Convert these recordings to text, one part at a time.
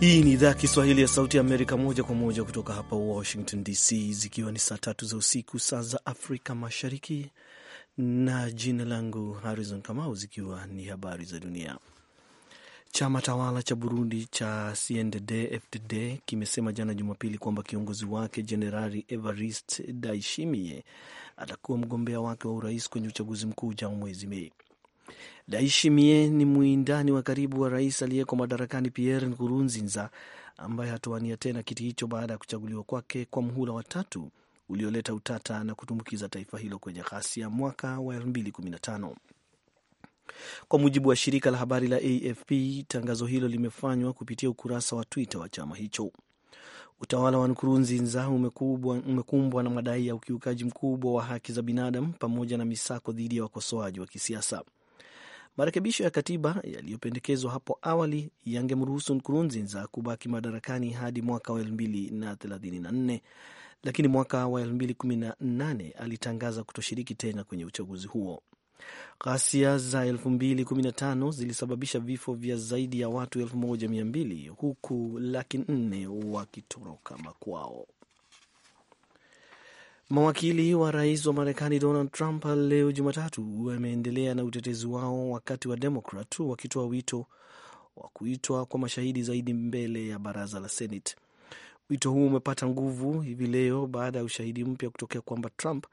Hii ni idhaa ya Kiswahili ya Sauti ya Amerika, moja kwa moja kutoka hapa Washington DC, zikiwa ni saa tatu za usiku, saa za Afrika Mashariki, na jina langu Harrison Kamau, zikiwa ni habari za dunia. Chama tawala cha Burundi cha CNDD-FDD kimesema jana Jumapili kwamba kiongozi wake Jenerali evarist Daishimie atakuwa mgombea wake wa urais kwenye uchaguzi mkuu ujao mwezi Mei mie ni mwindani wa karibu wa rais aliyeko madarakani Pierre Nkurunziza, ambaye hatuania tena kiti hicho baada ya kuchaguliwa kwake kwa mhula wa tatu ulioleta utata na kutumbukiza taifa hilo kwenye ghasia mwaka wa 2015. Kwa mujibu wa shirika la habari la AFP, tangazo hilo limefanywa kupitia ukurasa wa Twitter wa chama hicho. Utawala wa Nkurunziza umekumbwa na madai ya ukiukaji mkubwa wa haki za binadamu pamoja na misako dhidi ya wakosoaji wa kisiasa. Marekebisho ya katiba yaliyopendekezwa hapo awali yangemruhusu Nkurunziza kubaki madarakani hadi mwaka wa 2034 lakini mwaka wa 2018 alitangaza kutoshiriki tena kwenye uchaguzi huo. Ghasia za 2015 zilisababisha vifo vya zaidi ya watu 1200 huku laki nne wakitoroka makwao. Mawakili wa rais wa Marekani Donald Trump leo Jumatatu wameendelea na utetezi wao wakati wa Demokrat wakitoa wito wa kuitwa kwa mashahidi zaidi mbele ya baraza la Senate. Wito huu umepata nguvu hivi leo baada ya ushahidi mpya kutokea kwamba Trump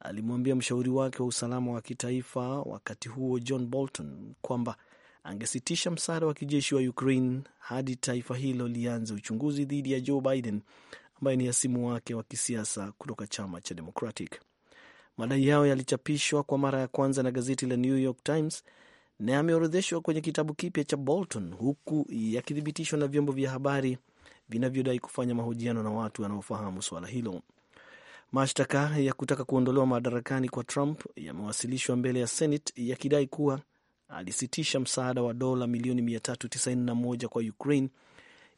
alimwambia mshauri wake wa usalama wa kitaifa wakati huo John Bolton kwamba angesitisha msaada wa kijeshi wa Ukraine hadi taifa hilo lianze uchunguzi dhidi ya Joe Biden ambaye ni hasimu wake wa kisiasa kutoka chama cha Democratic. Madai yao yalichapishwa kwa mara ya kwanza na gazeti la New York Times na yameorodheshwa kwenye kitabu kipya cha Bolton, huku yakithibitishwa na vyombo vya habari vinavyodai kufanya mahojiano na watu wanaofahamu suala hilo. Mashtaka ya kutaka kuondolewa madarakani kwa Trump yamewasilishwa mbele ya Senate yakidai kuwa alisitisha msaada wa dola milioni 391 kwa Ukraine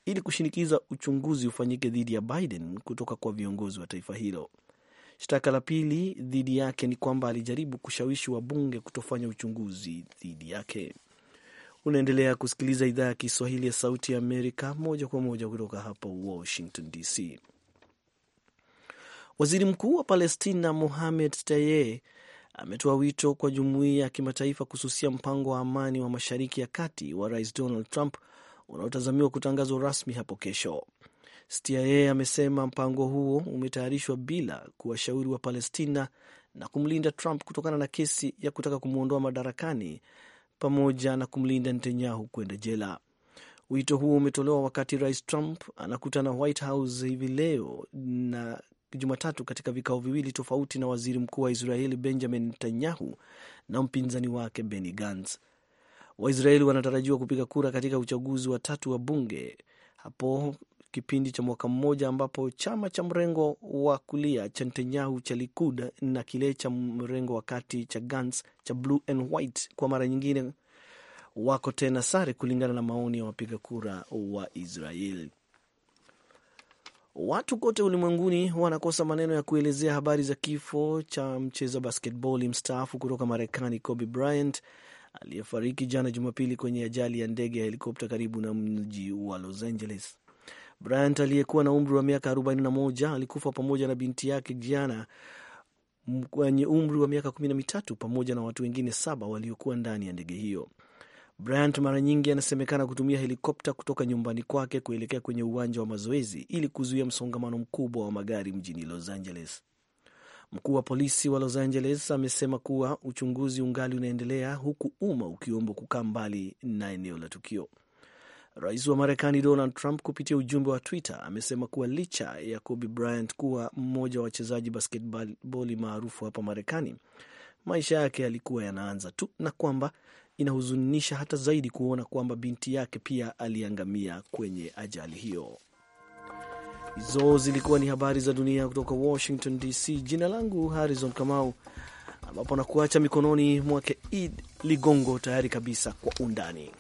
ili kushinikiza uchunguzi ufanyike dhidi ya Biden kutoka kwa viongozi wa taifa hilo. Shtaka la pili dhidi yake ni kwamba alijaribu kushawishi wabunge kutofanya uchunguzi dhidi yake. Unaendelea kusikiliza idhaa ya Kiswahili ya Sauti ya Amerika moja kwa moja kutoka hapa Washington DC. Waziri Mkuu wa Palestina Mohamed Taye ametoa wito kwa jumuiya ya kimataifa kususia mpango wa amani wa Mashariki ya Kati wa Rais Donald Trump unaotazamiwa kutangazwa rasmi hapo kesho. Stiaye amesema mpango huo umetayarishwa bila kuwashauri wa Palestina na kumlinda Trump kutokana na kesi ya kutaka kumwondoa madarakani pamoja na kumlinda Netanyahu kwenda jela. Wito huo umetolewa wakati Rais Trump anakutana White House hivi leo na Jumatatu katika vikao viwili tofauti na waziri mkuu wa Israeli Benjamin Netanyahu na mpinzani wake Benny Gantz. Waisraeli wanatarajiwa kupiga kura katika uchaguzi wa tatu wa bunge hapo kipindi cha mwaka mmoja ambapo chama cha mrengo wa kulia cha Netanyahu cha Likud na kile cha mrengo wa kati cha Gantz cha Blue and White kwa mara nyingine wako tena sare, kulingana na maoni ya wapiga kura wa Israeli. Watu kote ulimwenguni wanakosa maneno ya kuelezea habari za kifo cha mcheza basketball mstaafu kutoka Marekani Kobe Bryant aliyefariki jana Jumapili kwenye ajali ya ndege ya helikopta karibu na mji wa Los Angeles. Bryant aliyekuwa na umri wa miaka 41 alikufa pamoja na binti yake jana mwenye umri wa miaka 13 pamoja na watu wengine saba waliokuwa ndani ya ndege hiyo. Bryant mara nyingi anasemekana kutumia helikopta kutoka nyumbani kwake kuelekea kwenye uwanja wa mazoezi ili kuzuia msongamano mkubwa wa magari mjini Los Angeles. Mkuu wa polisi wa Los Angeles amesema kuwa uchunguzi ungali unaendelea huku umma ukiombwa kukaa mbali na eneo la tukio. Rais wa Marekani Donald Trump kupitia ujumbe wa Twitter amesema kuwa licha ya Kobe Bryant kuwa mmoja wa wachezaji basketboli maarufu hapa Marekani, maisha yake yalikuwa yanaanza tu na kwamba inahuzunisha hata zaidi kuona kwamba binti yake pia aliangamia kwenye ajali hiyo. Hizo zilikuwa ni habari za dunia kutoka Washington DC. Jina langu Harrison Kamau, ambapo nakuacha mikononi mwake Id Ligongo, tayari kabisa kwa undani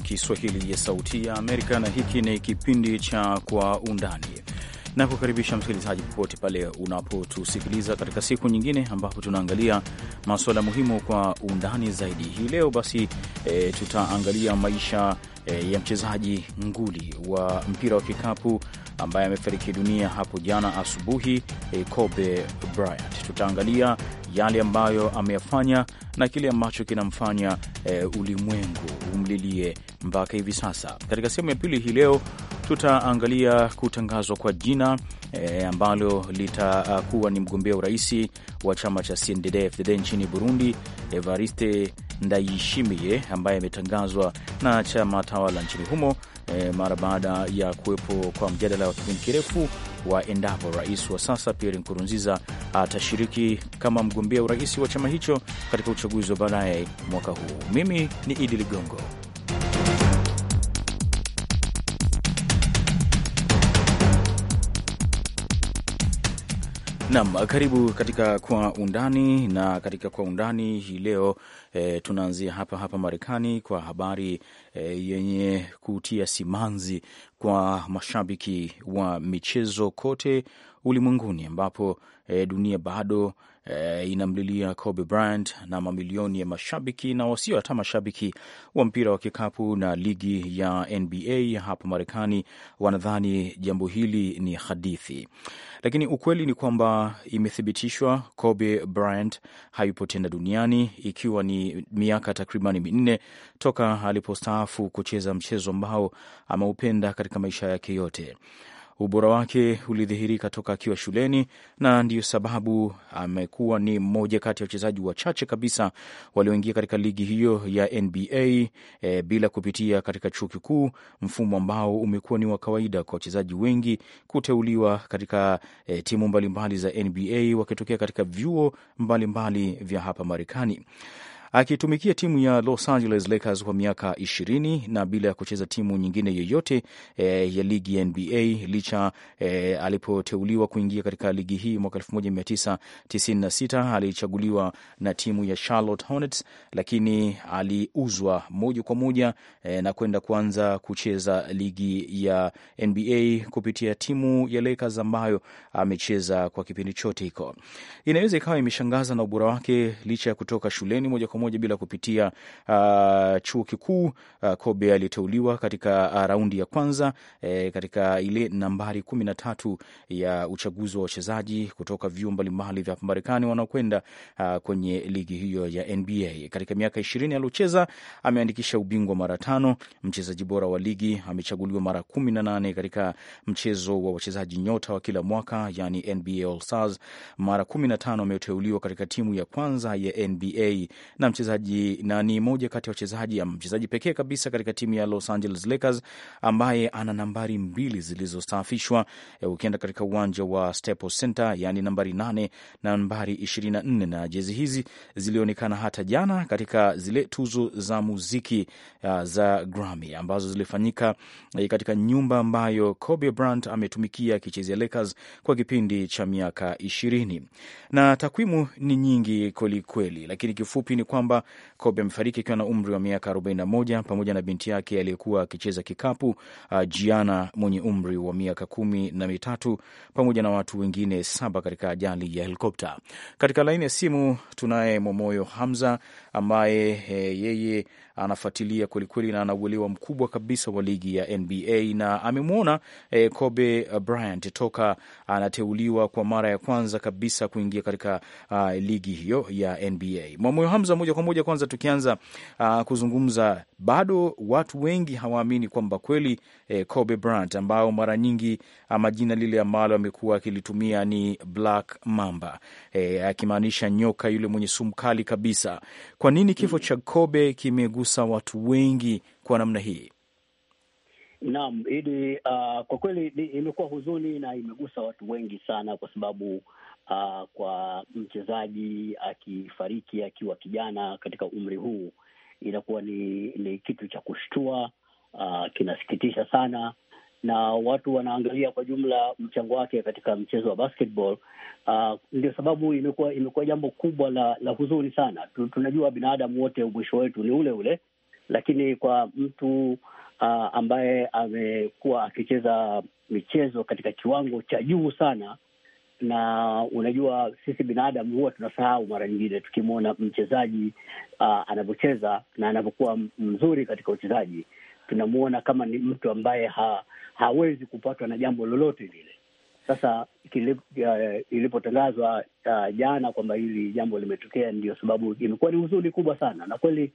Kiswahili ya Sauti ya Amerika, na hiki ni kipindi cha Kwa Undani na kukaribisha msikilizaji popote pale unapotusikiliza katika siku nyingine ambapo tunaangalia masuala muhimu kwa undani zaidi. Hii leo basi e, tutaangalia maisha e, ya mchezaji nguli wa mpira wa kikapu ambaye amefariki dunia hapo jana asubuhi e, Kobe Bryant. Tutaangalia yale ambayo ameyafanya na kile ambacho kinamfanya e, ulimwengu umlilie mpaka hivi sasa. Katika sehemu ya pili hii leo tutaangalia kutangazwa kwa jina e, ambalo litakuwa ni mgombea uraisi wa chama cha CNDD-FDD nchini Burundi, Evariste Ndayishimiye ambaye ametangazwa na chama tawala nchini humo e, mara baada ya kuwepo kwa mjadala wa kipindi kirefu wa endapo rais wa sasa Pierre Nkurunziza atashiriki kama mgombea urais wa chama hicho katika uchaguzi wa baadaye mwaka huu. Mimi ni Idi Ligongo. Nam, karibu katika Kwa Undani. Na katika Kwa Undani hii leo e, tunaanzia hapa hapa Marekani kwa habari e, yenye kutia simanzi kwa mashabiki wa michezo kote ulimwenguni, ambapo e, dunia bado e, inamlilia Kobe Bryant na mamilioni ya mashabiki na wasio hata mashabiki wa mpira wa kikapu na ligi ya NBA hapa Marekani wanadhani jambo hili ni hadithi, lakini ukweli ni kwamba imethibitishwa Kobe Bryant hayupo tena duniani, ikiwa ni miaka takribani minne toka alipostaafu kucheza mchezo ambao ameupenda katika maisha yake yote. Ubora wake ulidhihirika toka akiwa shuleni, na ndiyo sababu amekuwa ni mmoja kati ya wachezaji wachache kabisa walioingia katika ligi hiyo ya NBA e, eh, bila kupitia katika chuo kikuu, mfumo ambao umekuwa ni wa kawaida kwa wachezaji wengi kuteuliwa katika e, timu mbalimbali mbali za NBA wakitokea katika vyuo mbalimbali vya hapa Marekani akitumikia timu ya Los Angeles Lakers kwa miaka ishirini na bila ya kucheza timu nyingine yoyote e, ya ligi ya NBA licha e, alipoteuliwa kuingia katika ligi hii mwaka 1996 alichaguliwa na timu ya Charlotte Hornets, lakini aliuzwa moja kwa moja e, na kwenda kuanza kucheza ligi ya NBA kupitia timu ya Lakers ambayo amecheza kwa kipindi chote hiko. Inaweza ikawa imeshangaza na ubora wake licha ya kutoka shuleni moja kwa kwa moja bila kupitia uh, chuo kikuu uh, Kobe aliteuliwa katika uh, raundi ya kwanza eh, katika ile nambari kumi na tatu ya uchaguzi wa wachezaji kutoka vyuo mbalimbali vya Marekani wanaokwenda uh, kwenye ligi hiyo ya NBA. Katika miaka ishirini aliocheza ameandikisha ubingwa mara tano, mchezaji bora wa ligi amechaguliwa mara kumi na nane katika mchezo wa wachezaji nyota wa kila mwaka yani NBA All Stars, mara kumi na tano ameteuliwa katika timu ya kwanza ya NBA na na mchezaji na ni moja kati ya wachezaji mchezaji pekee kabisa katika timu ya Los Angeles Lakers ambaye ana nambari mbili zilizostaafishwa. E, ukienda katika uwanja wa Staples Center, yani nambari nane na nambari 24, na jezi hizi zilionekana hata jana katika zile tuzo za muziki uh, za Grammy ambazo zilifanyika uh, katika nyumba ambayo Kobe Bryant ametumikia akichezea Lakers kwa kipindi cha miaka 20, na takwimu ni nyingi kwelikweli, lakini kifupi ni kwa kwamba Kobe amefariki akiwa na umri wa miaka 41 pamoja na binti yake aliyekuwa akicheza kikapu uh, Gianna mwenye umri wa miaka kumi na mitatu pamoja na watu wengine saba katika ajali ya helikopta. Katika laini ya simu tunaye Momoyo Hamza ambaye eh, yeye anafuatilia kwelikweli na anauelewa mkubwa kabisa wa ligi ya NBA na amemwona eh, Kobe Bryant toka anateuliwa kwa mara ya kwanza kabisa kuingia katika uh, ligi hiyo ya NBA. Mwamoyo Hamza, moja kwa moja, kwanza tukianza uh, kuzungumza, bado watu wengi hawaamini kwamba kweli eh, Kobe Bryant ambao mara nyingi ah, majina lile ambalo amekuwa akilitumia ni Black Mamba eh, akimaanisha nyoka yule mwenye sumu kali kabisa. Kwa nini kifo cha Kobe kimegusa kugusa watu wengi kwa namna hii? Naam, ili uh, kwa kweli imekuwa huzuni na imegusa watu wengi sana, kwa sababu uh, kwa mchezaji akifariki akiwa kijana katika umri huu inakuwa ni, ni kitu cha kushtua uh, kinasikitisha sana na watu wanaangalia kwa jumla mchango wake katika mchezo wa basketball. Uh, ndio sababu imekuwa imekuwa jambo kubwa la la huzuni sana. Tunajua binadamu wote mwisho wetu ni ule ule, lakini kwa mtu uh, ambaye amekuwa akicheza michezo katika kiwango cha juu sana na unajua sisi binadamu huwa tunasahau mara nyingine, tukimwona mchezaji uh, anavyocheza na anavyokuwa mzuri katika uchezaji, tunamwona kama ni mtu ambaye ha, hawezi kupatwa na jambo lolote lile. Sasa ilipotangazwa uh, jana kwamba hili jambo limetokea, ndio sababu imekuwa ni huzuni kubwa sana, na kweli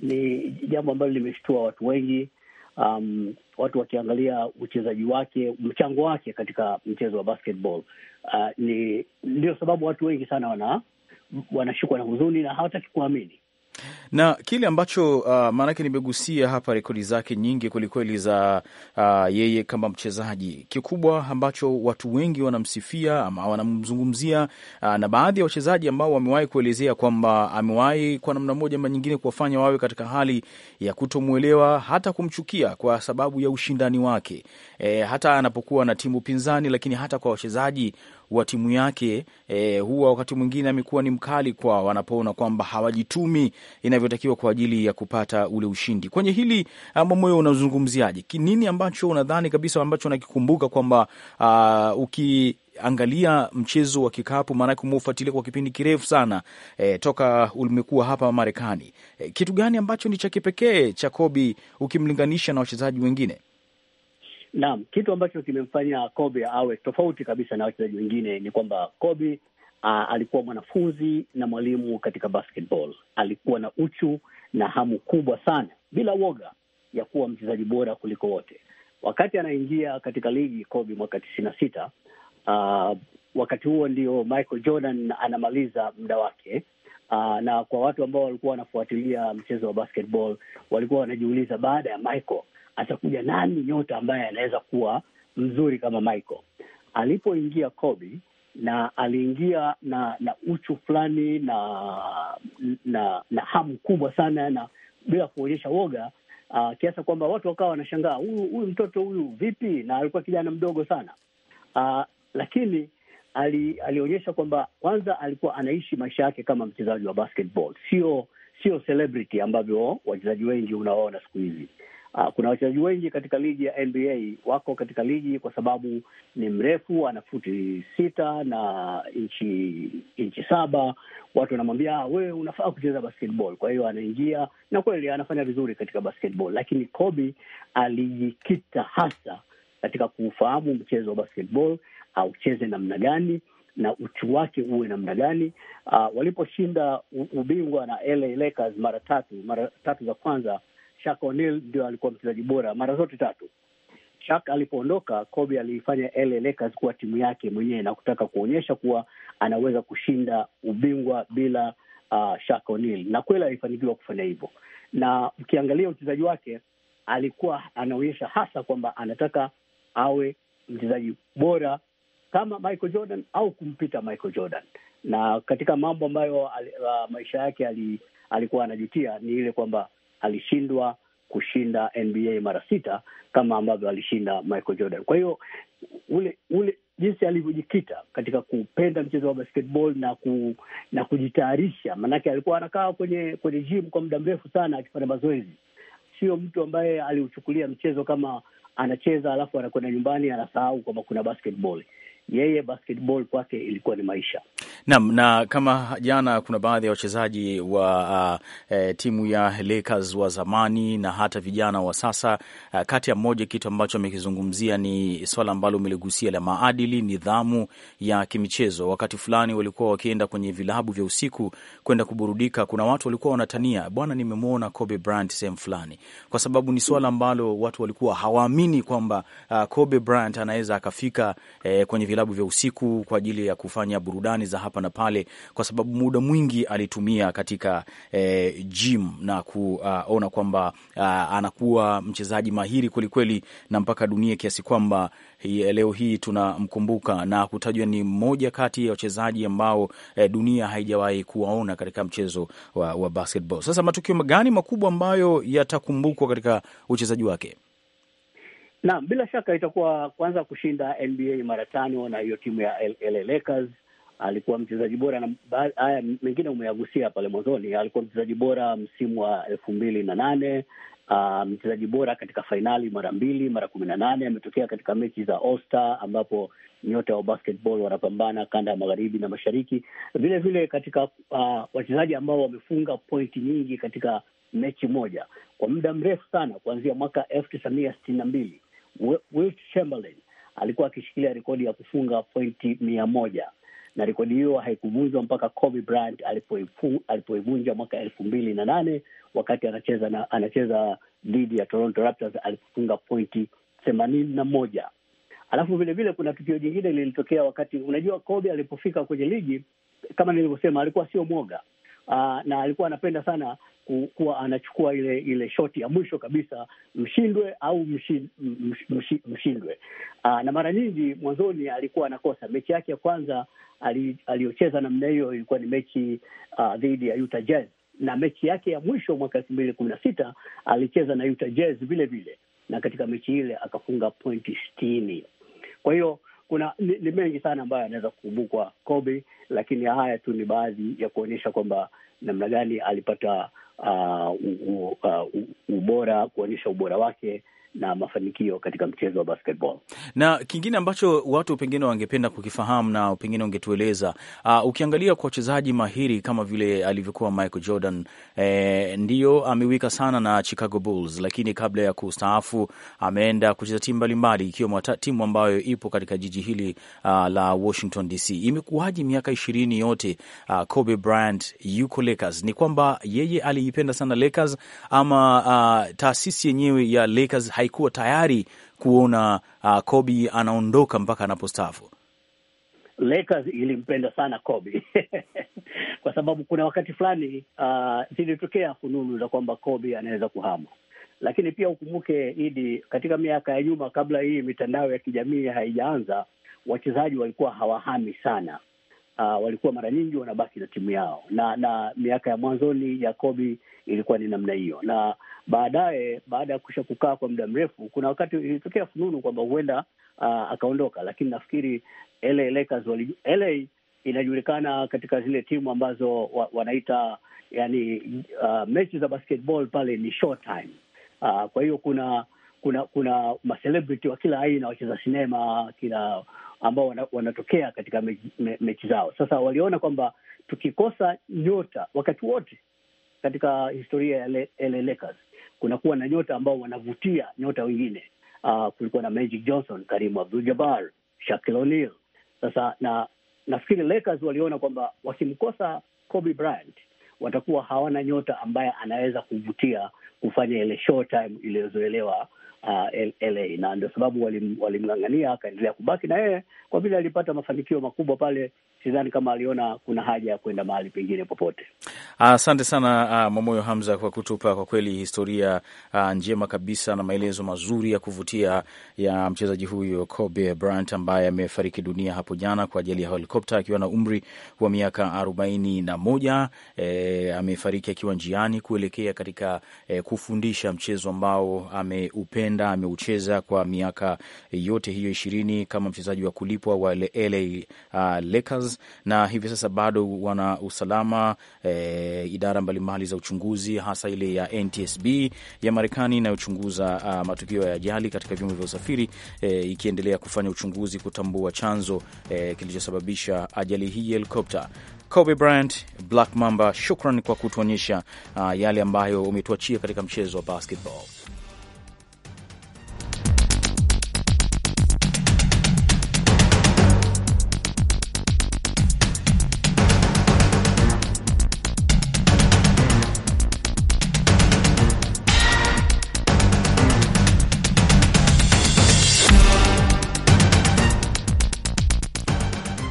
ni jambo ambalo limeshtua watu wengi. Um, watu wakiangalia uchezaji wake, mchango wake katika mchezo wa basketball uh, ni ndio sababu watu wengi sana wana wanashikwa na huzuni na hawataki kuamini na kile ambacho uh, maanake nimegusia hapa rekodi zake nyingi kwelikweli za uh, yeye kama mchezaji, kikubwa ambacho watu wengi wanamsifia ama wanamzungumzia uh, na baadhi ya wachezaji ambao wamewahi kuelezea kwamba amewahi kwa namna moja ama nyingine kuwafanya wawe katika hali ya kutomwelewa hata kumchukia kwa sababu ya ushindani wake, e, hata anapokuwa na timu pinzani, lakini hata kwa wachezaji wa timu yake e, huwa wakati mwingine amekuwa ni mkali kwao wanapoona kwamba hawajitumi inavyotakiwa kwa ajili ya kupata ule ushindi. Kwenye hili Momoyo, unazungumziaje? Nini ambacho unadhani kabisa ambacho unakikumbuka kwamba uh, uki angalia mchezo wa kikapu, maanake umeufuatilia kwa kipindi kirefu sana e, toka ulimekuwa hapa Marekani e, kitu gani ambacho ni cha kipekee cha Kobe ukimlinganisha na wachezaji wengine? Naam, kitu ambacho kimemfanya Kobe awe tofauti kabisa na wachezaji wengine ni kwamba Kobe a, alikuwa mwanafunzi na mwalimu katika basketball. Alikuwa na uchu na hamu kubwa sana, bila woga ya kuwa mchezaji bora kuliko wote. Wakati anaingia katika ligi Kobe mwaka tisini na sita, wakati huo ndio Michael Jordan anamaliza muda wake. Uh, na kwa watu ambao walikuwa wanafuatilia mchezo wa basketball walikuwa wanajiuliza baada ya Michael atakuja nani nyota ambaye anaweza kuwa mzuri kama Michael. Alipoingia Kobe na aliingia na na uchu fulani na na na hamu kubwa sana na bila kuonyesha woga uh, ah, kiasa kwamba watu wakawa wanashangaa huyu huyu mtoto huyu vipi, na alikuwa kijana mdogo sana uh, lakini ali, alionyesha kwamba kwanza alikuwa anaishi maisha yake kama mchezaji wa basketball, sio sio celebrity ambavyo wachezaji wengi unawaona siku hizi. Uh, kuna wachezaji wengi katika ligi ya NBA wako katika ligi kwa sababu ni mrefu, ana futi sita na inchi inchi saba. Watu wanamwambia ah, wewe unafaa kucheza basketball, kwa hiyo anaingia na kweli anafanya vizuri katika basketball. Lakini Kobe alijikita hasa katika kuufahamu mchezo wa basketball, aucheze ah, namna gani na uchu wake uwe namna gani. Uh, waliposhinda ubingwa na LA Lakers mara tatu mara tatu za kwanza Chuck O'Neal ndio alikuwa mchezaji bora mara zote tatu. Chuck alipoondoka, Kobe aliifanya LA Lakers kuwa timu yake mwenyewe na kutaka kuonyesha kuwa anaweza kushinda ubingwa bila uh, Shaq O'Neal, na kweli alifanikiwa kufanya hivyo, na ukiangalia uchezaji wake alikuwa anaonyesha hasa kwamba anataka awe mchezaji bora kama Michael Jordan au kumpita Michael Jordan. Na katika mambo ambayo uh, maisha yake ali, alikuwa anajutia ni ile kwamba alishindwa kushinda NBA mara sita kama ambavyo alishinda Michael Jordan. Kwa hiyo ule ule jinsi alivyojikita katika kupenda mchezo wa basketball na ku, na kujitayarisha, maanake alikuwa anakaa kwenye kwenye gym kwa muda mrefu sana akifanya mazoezi. Sio mtu ambaye aliuchukulia mchezo kama anacheza alafu anakwenda nyumbani anasahau kwamba kuna basketball. Yeye basketball kwake ilikuwa ni maisha. Naam, na kama jana kuna baadhi ya wachezaji wa uh, e, timu ya Lakers wa zamani na hata vijana wa sasa uh, kati ya mmoja, kitu ambacho amekizungumzia ni swala ambalo umeligusia la maadili, nidhamu ya kimichezo. Wakati fulani walikuwa wakienda kwenye vilabu vya usiku kwenda kuburudika, kuna watu walikuwa wanatania, bwana, nimemwona Kobe Bryant sehemu fulani, kwa sababu ni swala ambalo watu walikuwa hawaamini kwamba uh, Kobe Bryant anaweza akafika eh, kwenye vilabu vya usiku kwa ajili ya kufanya burudani za hapa hapa na pale, kwa sababu muda mwingi alitumia katika eh, gym na kuona uh, kwamba uh, anakuwa mchezaji mahiri kwelikweli na mpaka dunia kiasi kwamba leo hii tunamkumbuka na kutajwa ni mmoja kati ya wachezaji ambao eh, dunia haijawahi kuwaona katika mchezo wa, wa basketball. Sasa matukio gani makubwa ambayo yatakumbukwa katika uchezaji wake? Naam, bila shaka itakuwa kwanza kushinda NBA mara tano na hiyo timu ya LA Lakers alikuwa mchezaji bora na haya mengine umeyagusia pale mwanzoni. Alikuwa mchezaji bora msimu wa elfu mbili na nane uh, mchezaji bora katika fainali mara mbili, mara kumi na nane. Ametokea katika mechi za All-Star ambapo nyota wa basketball wanapambana kanda ya magharibi na mashariki, vilevile vile katika uh, wachezaji ambao wamefunga pointi nyingi katika mechi moja kwa muda mrefu sana kuanzia mwaka elfu tisa mia sitini na mbili Wilt Chamberlain alikuwa akishikilia rekodi ya kufunga pointi mia moja na rekodi hiyo haikuvunjwa mpaka Kobe Bryant alipoivunja mwaka elfu mbili na nane wakati anacheza na, anacheza dhidi ya Toronto Raptors alipofunga pointi themanini na moja. Alafu vilevile kuna tukio jingine lilitokea wakati, unajua Kobe alipofika kwenye ligi, kama nilivyosema, alikuwa sio mwoga Ah, na alikuwa anapenda sana kuwa anachukua ile ile shoti ya mwisho kabisa, mshindwe au mshi, mshindwe. Aa, ah, na mara nyingi mwanzoni alikuwa anakosa. Mechi yake ya kwanza ali, aliyocheza namna hiyo ilikuwa ni mechi ah, dhidi ya Utah Jazz, na mechi yake ya mwisho mwaka elfu mbili kumi na sita alicheza na Utah Jazz vile vile, na katika mechi ile akafunga pointi sitini. Kwa hiyo kuna ni, ni mengi sana ambayo yanaweza kukumbukwa Kobe, lakini haya tu ni baadhi ya kuonyesha kwamba namna gani alipata uh, u, u, uh, u, ubora kuonyesha ubora wake na mafanikio katika mchezo wa basketball. Na kingine ambacho watu pengine wangependa kukifahamu na pengine ungetueleza, uh, ah, ukiangalia kwa wachezaji mahiri kama vile alivyokuwa Michael Jordan, eh, ndiyo amewika sana na Chicago Bulls, lakini kabla ya kustaafu ameenda kucheza timu mbalimbali ikiwemo timu ambayo ipo katika jiji hili uh, la Washington DC. Imekuwaje miaka ishirini yote uh, Kobe Bryant yuko Lakers? Ni kwamba yeye aliipenda sana Lakers ama uh, taasisi yenyewe ya Lakers haikuwa tayari kuona uh, Kobe anaondoka mpaka anapostaafu. Lakers ilimpenda sana Kobe kwa sababu kuna wakati fulani uh, zilitokea fununu za kwamba Kobe anaweza kuhama, lakini pia ukumbuke Idi, katika miaka ya nyuma, kabla hii mitandao ya kijamii haijaanza, wachezaji walikuwa hawahami sana. Uh, walikuwa mara nyingi wanabaki na timu yao, na na miaka ya mwanzoni ya Kobe ilikuwa ni namna hiyo, na baadaye, baada ya kusha kukaa kwa muda mrefu, kuna wakati ilitokea fununu kwamba huenda uh, akaondoka, lakini nafikiri LA Lakers wali, LA inajulikana katika zile timu ambazo wa, wanaita yani, uh, mechi za basketball pale ni short time uh, kwa hiyo kuna kuna kuna macelebrity wa kila aina, wacheza sinema kila ambao wana, wanatokea katika me, me, mechi zao. Sasa waliona kwamba tukikosa nyota wakati wote katika historia ya LA Lakers kunakuwa na nyota ambao wanavutia nyota wengine. Uh, kulikuwa na Magic Johnson, Karim Abdul-Jabbar, Shaquille O'Neal. Sasa na nafikiri Lakers waliona kwamba wakimkosa Kobe Bryant watakuwa hawana nyota ambaye anaweza kuvutia kufanya ile showtime iliyozoelewa uh, ah, LA, na ndio sababu walim, walimng'ang'ania akaendelea kubaki na yeye kwa vile alipata mafanikio makubwa pale sidhani kama aliona kuna haja ya kwenda mahali pengine popote. Ah, asante ah, sana ah, Mwamoyo Hamza kwa kutupa kwa kweli historia ah, njema kabisa na maelezo mazuri ya kuvutia ya mchezaji huyo Kobe Bryant ambaye amefariki dunia hapo jana kwa ajali ya helikopta akiwa na umri wa miaka arobaini na moja. Eh, amefariki akiwa njiani kuelekea katika eh, kufundisha mchezo ambao ameupenda ameucheza kwa miaka yote hiyo ishirini kama mchezaji wa kulipwa wa LA ah, Lakers na hivi sasa bado wana usalama e, idara mbalimbali za uchunguzi hasa ile ya NTSB ya Marekani inayochunguza ah, matukio ya ajali katika vyombo vya usafiri e, ikiendelea kufanya uchunguzi kutambua chanzo e, kilichosababisha ajali hii helikopta. Kobe Bryant, Black Mamba, shukran kwa kutuonyesha ah, yale ambayo umetuachia katika mchezo wa basketball.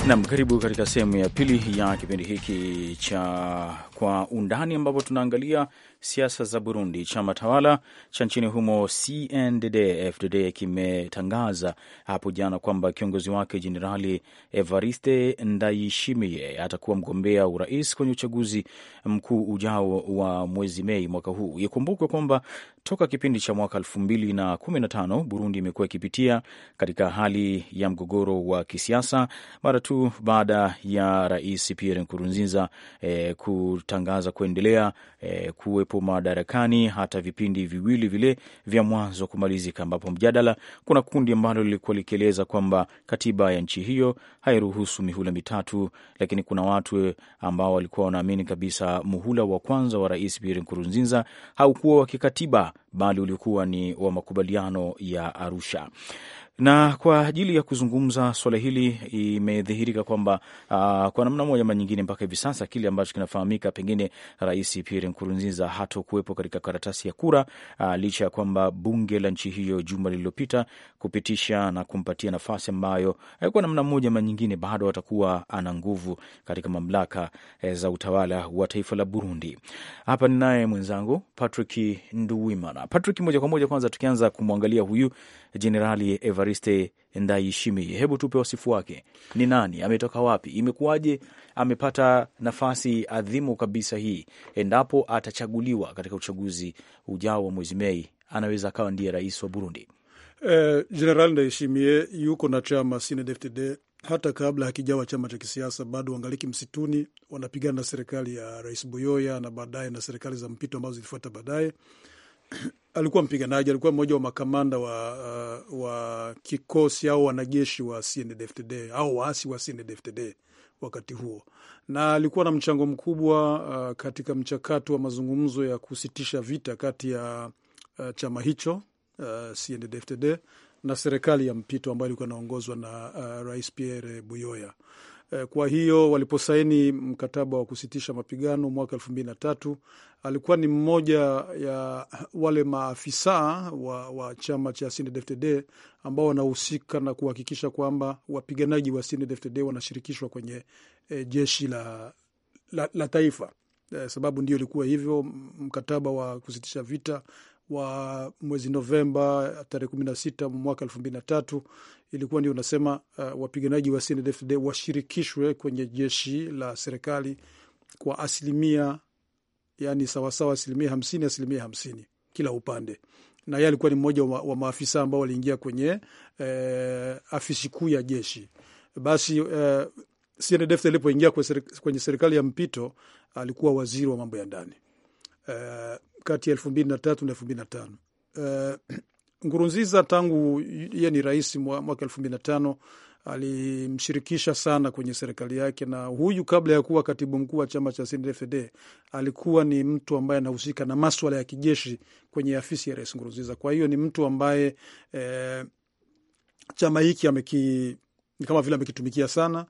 Nam, karibu katika sehemu ya pili ya kipindi hiki cha Kwa Undani, ambapo tunaangalia siasa za Burundi. Chama tawala cha nchini humo CNDD-FDD kimetangaza hapo jana kwamba kiongozi wake Jenerali Evariste Ndayishimiye atakuwa mgombea urais kwenye uchaguzi mkuu ujao wa mwezi Mei mwaka huu. Ikumbukwe kwamba Toka kipindi cha mwaka 2015 Burundi imekuwa ikipitia katika hali ya mgogoro wa kisiasa mara tu baada ya Rais Pierre Nkurunziza eh, kutangaza kuendelea eh, kuwepo madarakani, hata vipindi viwili vile vya mwanzo kumalizika, ambapo mjadala, kuna kundi ambalo lilikuwa likieleza kwamba katiba ya nchi hiyo hairuhusu mihula mitatu, lakini kuna watu eh, ambao walikuwa wanaamini kabisa muhula wa kwanza wa Rais Pierre Nkurunziza haukuwa wa kikatiba bali ulikuwa ni wa makubaliano ya Arusha na kwa ajili ya kuzungumza suala hili, imedhihirika kwamba uh, kwa namna moja ama nyingine, mpaka hivi sasa kile ambacho kinafahamika, pengine Rais Pierre Nkurunziza hato kuwepo katika karatasi ya kura uh, licha ya kwamba bunge la nchi hiyo juma lililopita kupitisha na kumpatia nafasi ambayo eh, kwa namna moja ama nyingine bado atakuwa ana nguvu katika mamlaka eh, za utawala wa taifa la Burundi. Hapa ninaye mwenzangu Patrick Nduwimana. Patrick, moja kwa moja, kwanza tukianza kumwangalia huyu Jenerali Eva Evariste Ndayishimiye. Hebu tupe wasifu wake, ni nani, ametoka wapi, imekuwaje amepata nafasi adhimu kabisa hii? Endapo atachaguliwa katika uchaguzi ujao wa mwezi Mei, anaweza akawa ndiye rais wa Burundi. Jenerali eh, Ndayishimiye yuko na chama CNDD-FDD hata kabla hakijawa chama cha kisiasa, bado wangaliki msituni, wanapigana na serikali ya Rais Buyoya na baadaye na serikali za mpito ambazo zilifuata baadaye. alikuwa mpiganaji, alikuwa mmoja wa makamanda wa, uh, wa kikosi au wanajeshi wa CNDD-FDD au waasi wa CNDD-FDD wakati huo, na alikuwa na mchango mkubwa uh, katika mchakato wa mazungumzo ya kusitisha vita kati ya uh, chama hicho uh, CNDD-FDD na serikali ya mpito ambayo ilikuwa inaongozwa na uh, Rais Pierre Buyoya. Eh, kwa hiyo waliposaini mkataba wa kusitisha mapigano mwaka elfu mbili na tatu alikuwa ni mmoja ya wale maafisa wa, wa chama cha CNDD-FDD ambao wanahusika na kuhakikisha kwamba wapiganaji wa CNDD-FDD wanashirikishwa kwenye e, jeshi la, la, la taifa e, sababu ndio ilikuwa hivyo. Mkataba wa kusitisha vita wa mwezi Novemba tarehe kumi na sita mwaka elfu mbili na tatu ilikuwa ndio unasema uh, wapiganaji wa CNDD-FDD washirikishwe kwenye jeshi la serikali kwa asilimia yani sawasawa asilimia hamsini asilimia hamsini kila upande na yeye alikuwa ni mmoja wa, wa maafisa ambao waliingia kwenye eh, afisi kuu ya jeshi. Basi eh, uh, CNDF alipoingia kwenye serikali ya mpito alikuwa waziri wa mambo ya ndani eh, kati ya elfu mbili na tatu na elfu mbili na tano eh, Ngurunziza tangu yeye ni rais mwaka elfu mbili na tano alimshirikisha sana kwenye serikali yake, na huyu kabla ya kuwa katibu mkuu wa chama cha CNDD-FDD alikuwa ni mtu ambaye anahusika na maswala ya kijeshi kwenye afisi ya rais Ngurunziza. Kwa hiyo ni mtu ambaye eh, chama hiki ameki, kama vile amekitumikia sana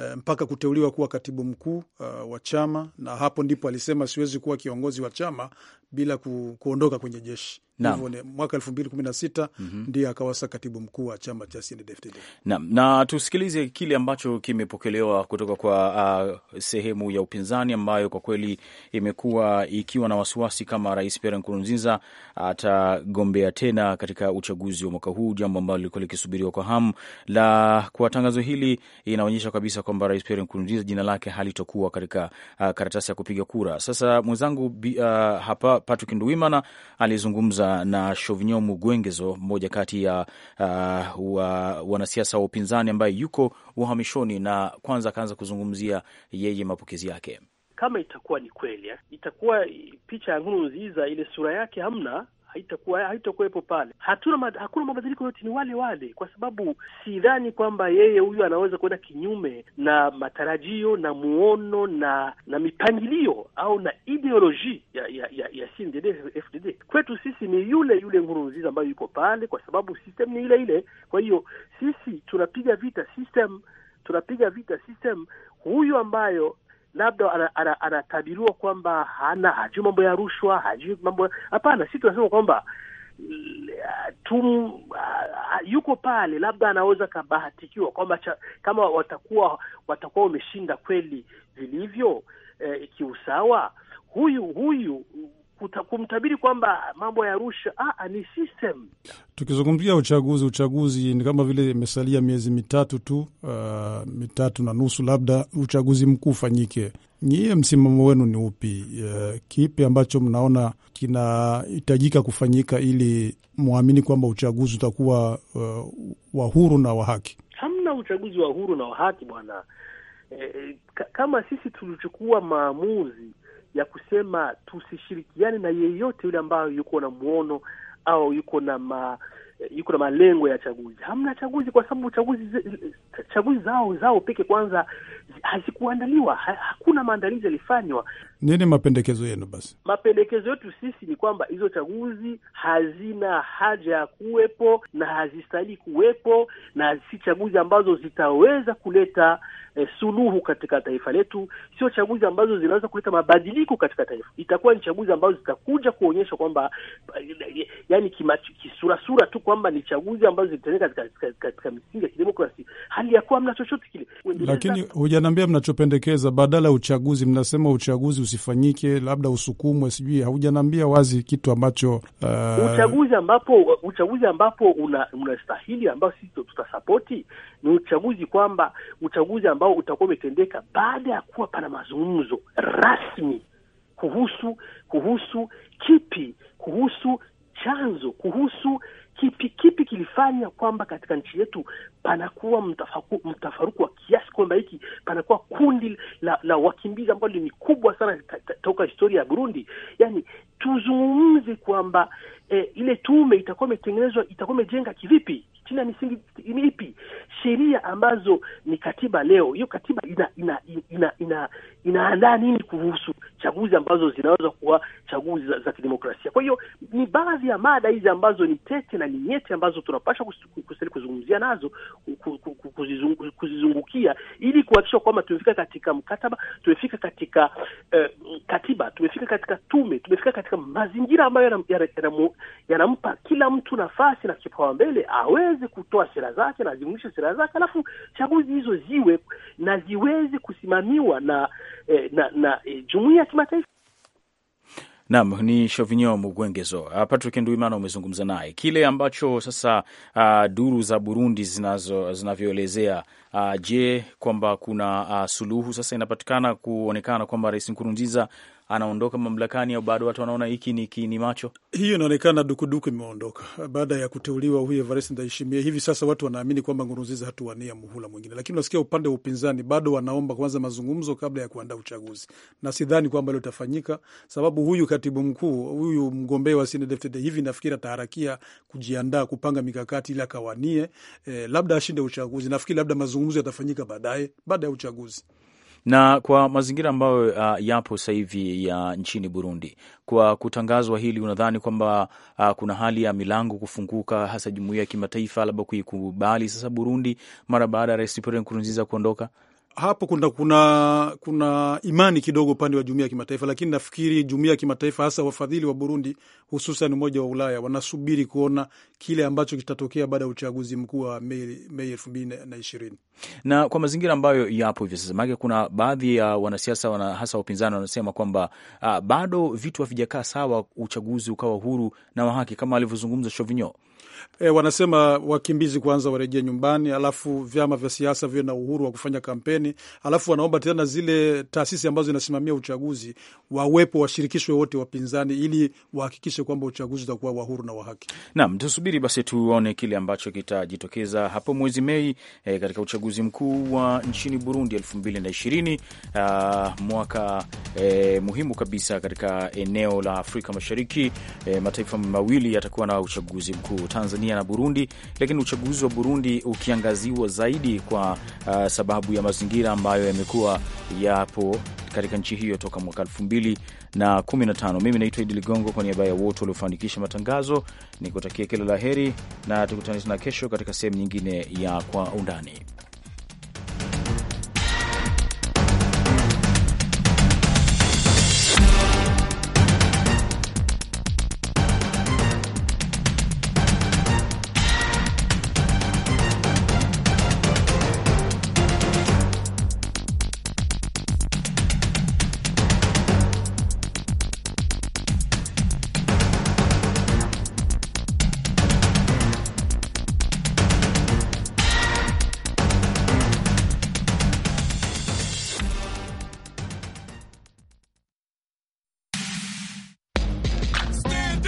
Eh, mpaka kuteuliwa kuwa katibu mkuu uh, wa chama, na hapo ndipo alisema siwezi kuwa kiongozi wa chama bila ku, kuondoka kwenye jeshi. Hivyo mwaka elfu mbili kumi na sita mm -hmm. ndiye akawasa katibu mkuu wa chama cha CNDD-FDD. Naam, na tusikilize kile ambacho kimepokelewa kutoka kwa uh, sehemu ya upinzani ambayo kwa kweli imekuwa ikiwa na wasiwasi kama Rais Pierre Nkurunziza atagombea tena katika uchaguzi wa mwaka huu, jambo ambalo lilikuwa likisubiriwa kwa hamu. La, kwa tangazo hili inaonyesha kabisa kwamba Rais Pierre Nkurunziza jina lake halitokuwa katika uh, karatasi ya kupiga kura. Sasa mwenzangu uh, hapa Patrick Nduwimana alizungumza na Shovinyo Mugwengezo, mmoja kati ya uh, wa, wanasiasa wa upinzani ambaye yuko uhamishoni, na kwanza akaanza kuzungumzia yeye mapokezi yake. Kama itakuwa ni kweli, itakuwa picha ya Nkurunziza ile sura yake hamna haitakuwa haitakuwepo pale. Hatuna, hakuna mabadiliko yote, ni wale wale, kwa sababu sidhani kwamba yeye huyu anaweza kuenda kinyume na matarajio na muono na na mipangilio au na ideoloji ya ya, ya, ya CNDD FDD. Kwetu sisi ni yule yule Nkurunziza ambayo yuko pale, kwa sababu system ni ile ile. Kwa hiyo sisi tunapiga vita system, tunapiga vita system huyu ambayo labda anatabiriwa ana, ana kwamba hana hajui mambo ya rushwa, hajui mambo hapana. Si tunasema kwamba uh, tum uh, yuko pale, labda anaweza kabahatikiwa kwamba kama watakuwa watakuwa wameshinda kweli vilivyo eh, kiusawa, huyu huyu kuta, kumtabiri kwamba mambo ya rusha ah, ah, ni system. Tukizungumzia uchaguzi, uchaguzi ni kama vile imesalia miezi mitatu tu, uh, mitatu na nusu labda uchaguzi mkuu ufanyike. Nyiye msimamo wenu ni upi? Uh, kipi ambacho mnaona kinahitajika kufanyika ili mwamini kwamba uchaguzi utakuwa uh, wa huru na wa haki? Hamna uchaguzi wa huru na wa haki bwana. E, kama sisi tulichukua maamuzi ya kusema tusishirikiane na yeyote yule ambayo yuko na muono au yuko na ma, iko na malengo ya chaguzi. Hamna chaguzi kwa sababu chaguzi chaguzi zao zao peke kwanza hazikuandaliwa, hakuna maandalizi yalifanywa. Nini mapendekezo yenu? Basi mapendekezo yetu sisi ni kwamba hizo chaguzi hazina haja ya kuwepo na hazistahili kuwepo na si chaguzi ambazo zitaweza kuleta E, suluhu katika taifa letu, sio chaguzi ambazo zinaweza kuleta mabadiliko katika taifa. Itakuwa ni chaguzi ambazo zitakuja kuonyesha kwamba eh, eh, yani kisurasura tu kwamba ni chaguzi ambazo zilitendeka katika, katika misingi ya kidemokrasi, hali ya kuwa mna chochote kile. Lakini hujaniambia mnachopendekeza, badala ya uchaguzi mnasema uchaguzi usifanyike, labda usukumwe, sijui. Hujaniambia wazi kitu ambacho uh... uchaguzi ambapo uchaguzi ambapo unastahili una ambao sisi tutasapoti ni uchaguzi kwamba uchaguzi ambao utakuwa umetendeka baada ya kuwa pana mazungumzo rasmi kuhusu kuhusu kipi, kuhusu chanzo, kuhusu kufanya kwamba katika nchi yetu panakuwa mtafaruku, mtafaruku wa kiasi kwamba hiki panakuwa kundi la, la wakimbizi ambalo ni kubwa sana toka historia ya Burundi. Yani tuzungumze kwamba eh, ile tume itakuwa imetengenezwa itakuwa imejenga kivipi chini ya misingi ipi? Sheria ambazo ni katiba leo, hiyo katiba ina ina ina ina inaandaa nini kuhusu chaguzi ambazo zinaweza kuwa chaguzi za, za kidemokrasia. Kwa hiyo ni baadhi ya mada hizi ambazo ni tete na ni nyeti ambazo tunapasha kuzungumzia nazo, kuzizungukia ili kuhakikisha kwamba tumefika katika mkataba, tumefika katika eh, katiba, tumefika katika tume, tumefika katika mazingira ambayo yanampa kila mtu nafasi na mbele aweze kutoa sera zake na azimulishe sera zake, alafu chaguzi hizo ziwe na ziweze kusimamiwa na Eh, na, na eh, ya kimataifa. Naam, ni Shovinyo Mugwengezo. Ah, Patrick Nduimana umezungumza naye, kile ambacho sasa uh, duru za Burundi zinazo zinavyoelezea uh, je, kwamba kuna uh, suluhu sasa inapatikana kuonekana kwamba Rais Nkurunziza anaondoka mamlakani au bado watu wanaona hiki ni kiini macho? Hiyo inaonekana dukuduku imeondoka baada ya kuteuliwa huyu Evariste Ndayishimiye. Hivi sasa watu wanaamini kwamba Nkurunziza hatuwania muhula mwingine, lakini unasikia upande wa upinzani bado wanaomba kwanza mazungumzo kabla ya kuandaa uchaguzi, na sidhani kwamba hilo litafanyika, sababu huyu katibu mkuu huyu mgombea wa CNDD-FDD hivi nafikiri ataharakia kujiandaa kupanga mikakati ili akawanie, eh, labda ashinde uchaguzi. Nafikiri labda mazungumzo yatafanyika baadaye baada ya uchaguzi. Na kwa mazingira ambayo uh, yapo sasa hivi ya nchini Burundi, kwa kutangazwa hili, unadhani kwamba uh, kuna hali ya milango kufunguka, hasa jumuiya ya kimataifa labda kuikubali sasa Burundi mara baada ya Rais Pierre Nkurunziza kuondoka? hapo kuna, kuna, kuna imani kidogo upande wa jumuia ya kimataifa, lakini nafikiri jumuia ya kimataifa hasa wafadhili wa Burundi hususan Umoja wa Ulaya wanasubiri kuona kile ambacho kitatokea baada ya uchaguzi mkuu wa Mei elfu mbili na ishirini na kwa mazingira ambayo yapo hivi sasa, maanake kuna baadhi ya wanasiasa wana, hasa wapinzani wanasema kwamba ah, bado vitu havijakaa sawa, uchaguzi ukawa huru na wa haki kama alivyozungumza Shovinyo E, wanasema wakimbizi kwanza warejee nyumbani, alafu vyama vya siasa viwe na uhuru wa kufanya kampeni, alafu wanaomba tena zile taasisi ambazo zinasimamia uchaguzi wawepo, washirikishwe wote wapinzani, ili wahakikishe kwamba uchaguzi utakuwa wa huru na wa haki. Naam, tusubiri basi tuone kile ambacho kitajitokeza hapo mwezi Mei e, katika uchaguzi mkuu wa nchini Burundi elfu mbili na ishirini mwaka e, muhimu kabisa katika eneo la Afrika Mashariki. E, mataifa mawili yatakuwa na uchaguzi mkuu Tanzania Tanzania na Burundi, lakini uchaguzi wa Burundi ukiangaziwa zaidi kwa uh, sababu ya mazingira ambayo yamekuwa yapo katika nchi hiyo toka mwaka elfu mbili na kumi na tano. Mimi naitwa Idi Ligongo, kwa niaba ya wote waliofanikisha matangazo ni kutakia kila la heri na tukutane tena kesho katika sehemu nyingine ya Kwa Undani.